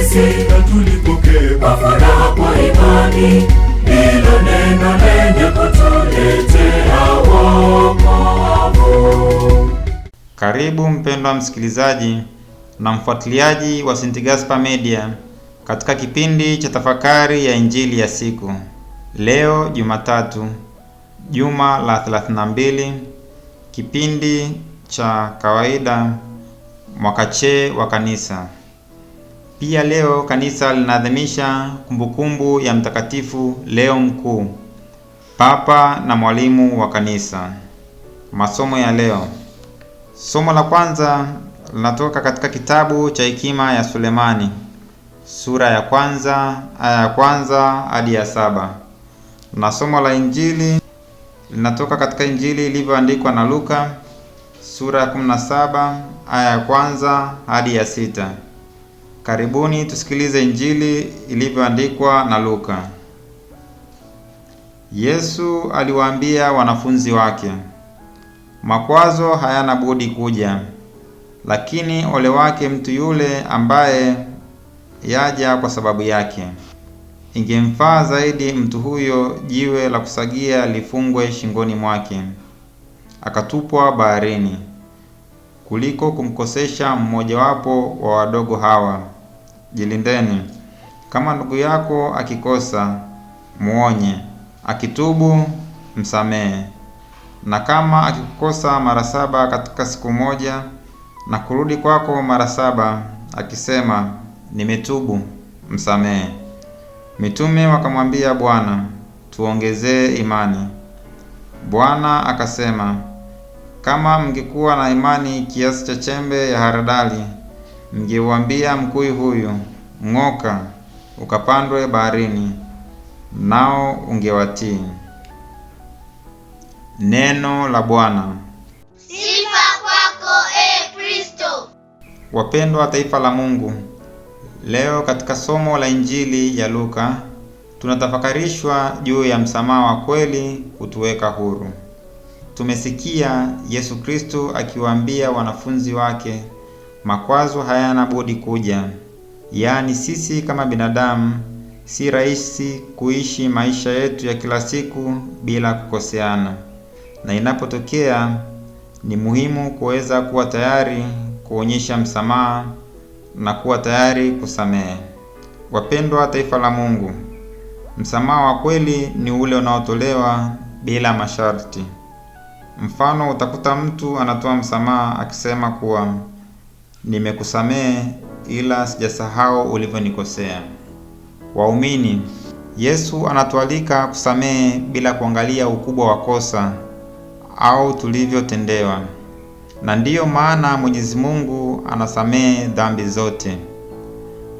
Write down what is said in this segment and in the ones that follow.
sisi na tulipokee kwa furaha kwa imani, hilo neno lenye kutuletea wokovu. Karibu mpendwa msikilizaji na mfuatiliaji wa St. Gaspar Media katika kipindi cha tafakari ya injili ya siku leo, Jumatatu, juma la 32 kipindi cha kawaida mwaka C wa Kanisa. Pia leo kanisa linaadhimisha kumbukumbu ya Mtakatifu Leo Mkuu, papa na mwalimu wa kanisa. Masomo ya leo. Somo la kwanza linatoka katika kitabu cha Hekima ya Sulemani sura ya kwanza aya ya kwanza hadi ya saba na somo la Injili linatoka katika Injili ilivyoandikwa na Luka sura ya 17 aya ya kwanza hadi ya sita. Karibuni tusikilize Injili ilivyoandikwa na Luka. Yesu aliwaambia wanafunzi wake, makwazo hayana budi kuja, lakini ole wake mtu yule ambaye yaja kwa sababu yake. Ingemfaa zaidi mtu huyo jiwe la kusagia lifungwe shingoni mwake, akatupwa baharini kuliko kumkosesha mmojawapo wa wadogo hawa. Jilindeni. Kama ndugu yako akikosa, muonye; akitubu, msamehe. Na kama akikukosa mara saba katika siku moja na kurudi kwako mara saba akisema, nimetubu, msamehe. Mitume wakamwambia Bwana, tuongezee imani. Bwana akasema kama mngekuwa na imani kiasi cha chembe ya haradali, mngeuambia mkuyu huyu, ng'oka ukapandwe baharini, nao ungewatii. Neno la Bwana. Sifa kwako e Kristo. Wapendwa taifa la Mungu, leo katika somo la Injili ya Luka tunatafakarishwa juu ya msamaha wa kweli kutuweka huru. Tumesikia Yesu Kristo akiwaambia wanafunzi wake makwazo hayana budi kuja, yaani sisi kama binadamu si rahisi kuishi maisha yetu ya kila siku bila kukoseana, na inapotokea ni muhimu kuweza kuwa tayari kuonyesha msamaha na kuwa tayari kusamehe. Wapendwa taifa la Mungu, msamaha wa kweli ni ule unaotolewa bila masharti. Mfano, utakuta mtu anatoa msamaha akisema kuwa nimekusamehe, ila sijasahau ulivyonikosea. Waumini, Yesu anatualika kusamehe bila kuangalia ukubwa wa kosa au tulivyotendewa, na ndiyo maana Mwenyezi Mungu anasamehe dhambi zote.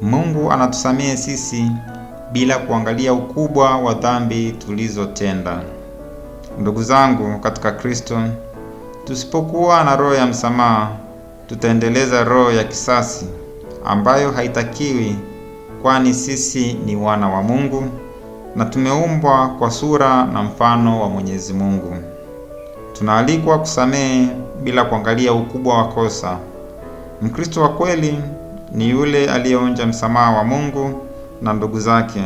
Mungu anatusamehe sisi bila kuangalia ukubwa wa dhambi tulizotenda. Ndugu zangu katika Kristo, tusipokuwa na roho ya msamaha, tutaendeleza roho ya kisasi ambayo haitakiwi, kwani sisi ni wana wa Mungu na tumeumbwa kwa sura na mfano wa Mwenyezi Mungu. Tunaalikwa kusamehe bila kuangalia ukubwa wa kosa. Mkristo wa kweli ni yule aliyeonja msamaha wa Mungu na ndugu zake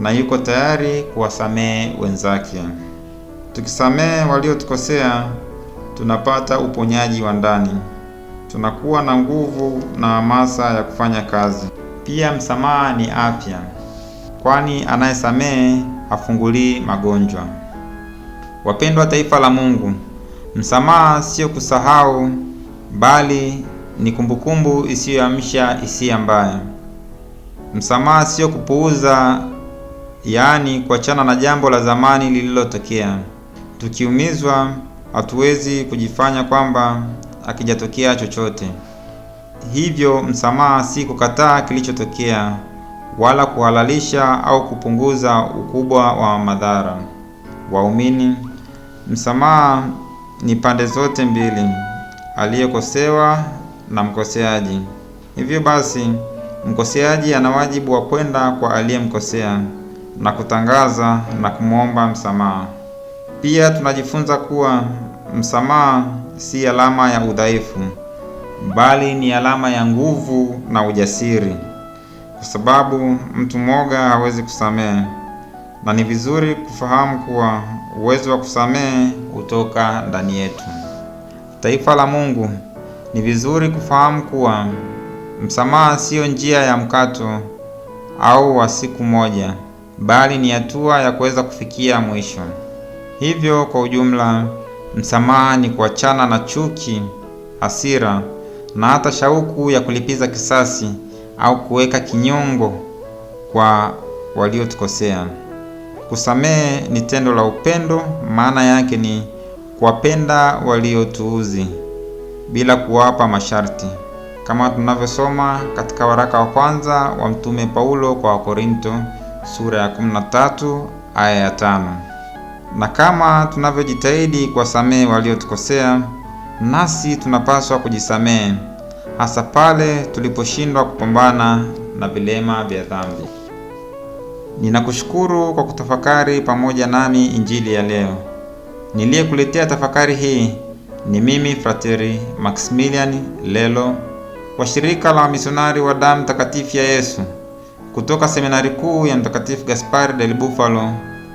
na yuko tayari kuwasamehe wenzake. Tukisamehe waliotukosea tunapata uponyaji wa ndani, tunakuwa na nguvu na hamasa ya kufanya kazi. Pia msamaha ni afya, kwani anayesamehe hafungulii magonjwa. Wapendwa taifa la Mungu, msamaha sio kusahau, bali ni kumbukumbu isiyoamsha hisia mbaya. Msamaha sio kupuuza, yaani kuachana na jambo la zamani lililotokea tukiumizwa hatuwezi kujifanya kwamba akijatokea chochote. Hivyo msamaha si kukataa kilichotokea wala kuhalalisha au kupunguza ukubwa wa madhara. Waumini, msamaha ni pande zote mbili, aliyekosewa na mkoseaji. Hivyo basi, mkoseaji ana wajibu wa kwenda kwa aliyemkosea na kutangaza na kumwomba msamaha. Pia tunajifunza kuwa msamaha si alama ya udhaifu, bali ni alama ya nguvu na ujasiri, kwa sababu mtu mwoga hawezi kusamehe, na ni vizuri kufahamu kuwa uwezo wa kusamehe hutoka ndani yetu. Taifa la Mungu, ni vizuri kufahamu kuwa msamaha siyo njia ya mkato au wa siku moja, bali ni hatua ya kuweza kufikia mwisho. Hivyo kwa ujumla, msamaha ni kuachana na chuki, hasira na hata shauku ya kulipiza kisasi au kuweka kinyongo kwa waliotukosea. Kusamehe ni tendo la upendo, maana yake ni kuwapenda waliotuuzi bila kuwapa masharti, kama tunavyosoma katika waraka wa kwanza wa Mtume Paulo kwa Wakorinto sura ya 13 aya ya 5 na kama tunavyojitahidi kuwasamehe waliotukosea, nasi tunapaswa kujisamehe, hasa pale tuliposhindwa kupambana na vilema vya dhambi. Ninakushukuru kwa kutafakari pamoja nami injili ya leo. Niliyekuletea tafakari hii ni mimi Frateri Maximilian Lelo wa shirika la wamisionari wa damu takatifu ya Yesu kutoka seminari kuu ya Mtakatifu Gaspari del Bufalo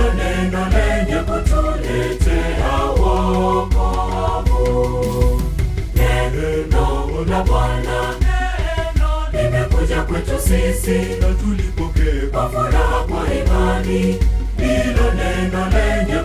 Neno, neno lenye kutuletea wokovu. Neno la Bwana limekuja kwetu sisi, na tulipokea kwa furaha kwa imani. Ndilo neno lenye